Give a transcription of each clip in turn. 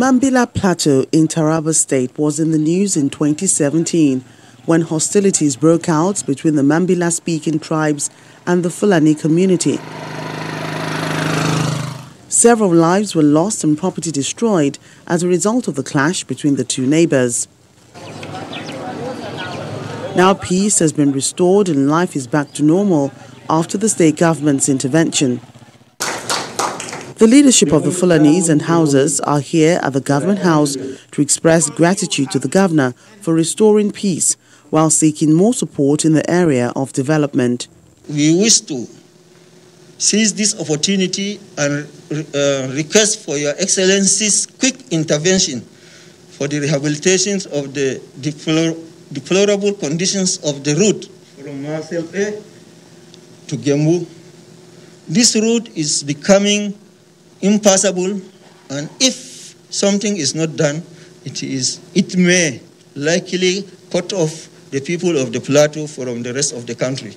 Mambila Plateau in Taraba State was in the news in 2017 when hostilities broke out between the Mambila-speaking tribes and the Fulani community. Several lives were lost and property destroyed as a result of the clash between the two neighbors. Now peace has been restored and life is back to normal after the state government's intervention. The leadership of the Fulanis and Hausas are here at the Government House to express gratitude to the Governor for restoring peace while seeking more support in the area of development. We wish to seize this opportunity and uh, request for Your Excellency's quick intervention for the rehabilitation of the deplor deplorable conditions of the route from Marcel A to Gembu. This route is becoming impossible, and if something is not done, it, is, it may likely cut off the people of the plateau from the rest of the country.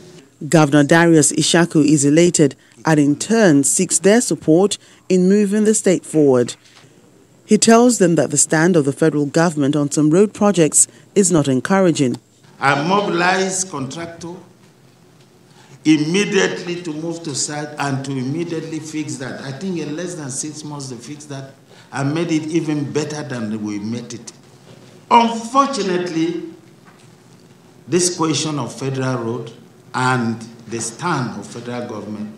Governor Darius Ishaku is elated and in turn seeks their support in moving the state forward. He tells them that the stand of the federal government on some road projects is not encouraging. I mobilize contractor immediately to move to site and to immediately fix that. I think in less than six months they fixed that and made it even better than we made it. Unfortunately, this question of federal road and the stand of federal government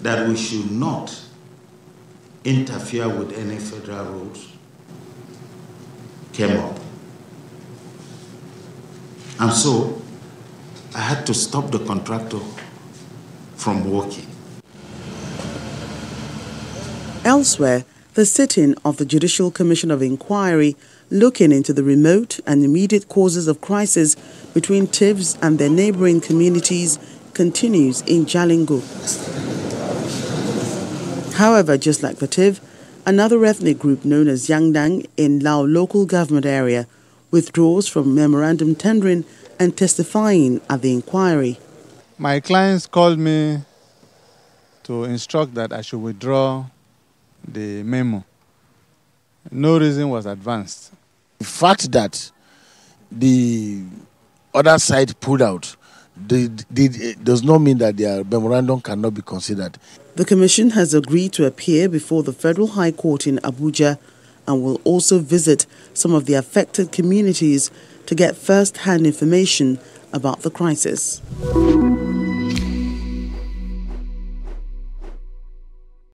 that we should not interfere with any federal roads came up. And so I had to stop the contractor from walking. Elsewhere, the sitting of the Judicial Commission of Inquiry looking into the remote and immediate causes of crisis between TIVs and their neighboring communities continues in Jalingo. However, just like the TIV, another ethnic group known as Yangdang in Lao local government area withdraws from memorandum tendering and testifying at the inquiry. My clients called me to instruct that I should withdraw the memo. No reason was advanced. The fact that the other side pulled out eh, does not mean that their memorandum cannot be considered. The Commission has agreed to appear before the Federal High Court in Abuja and will also visit some of the affected communities to get first hand information about the crisis.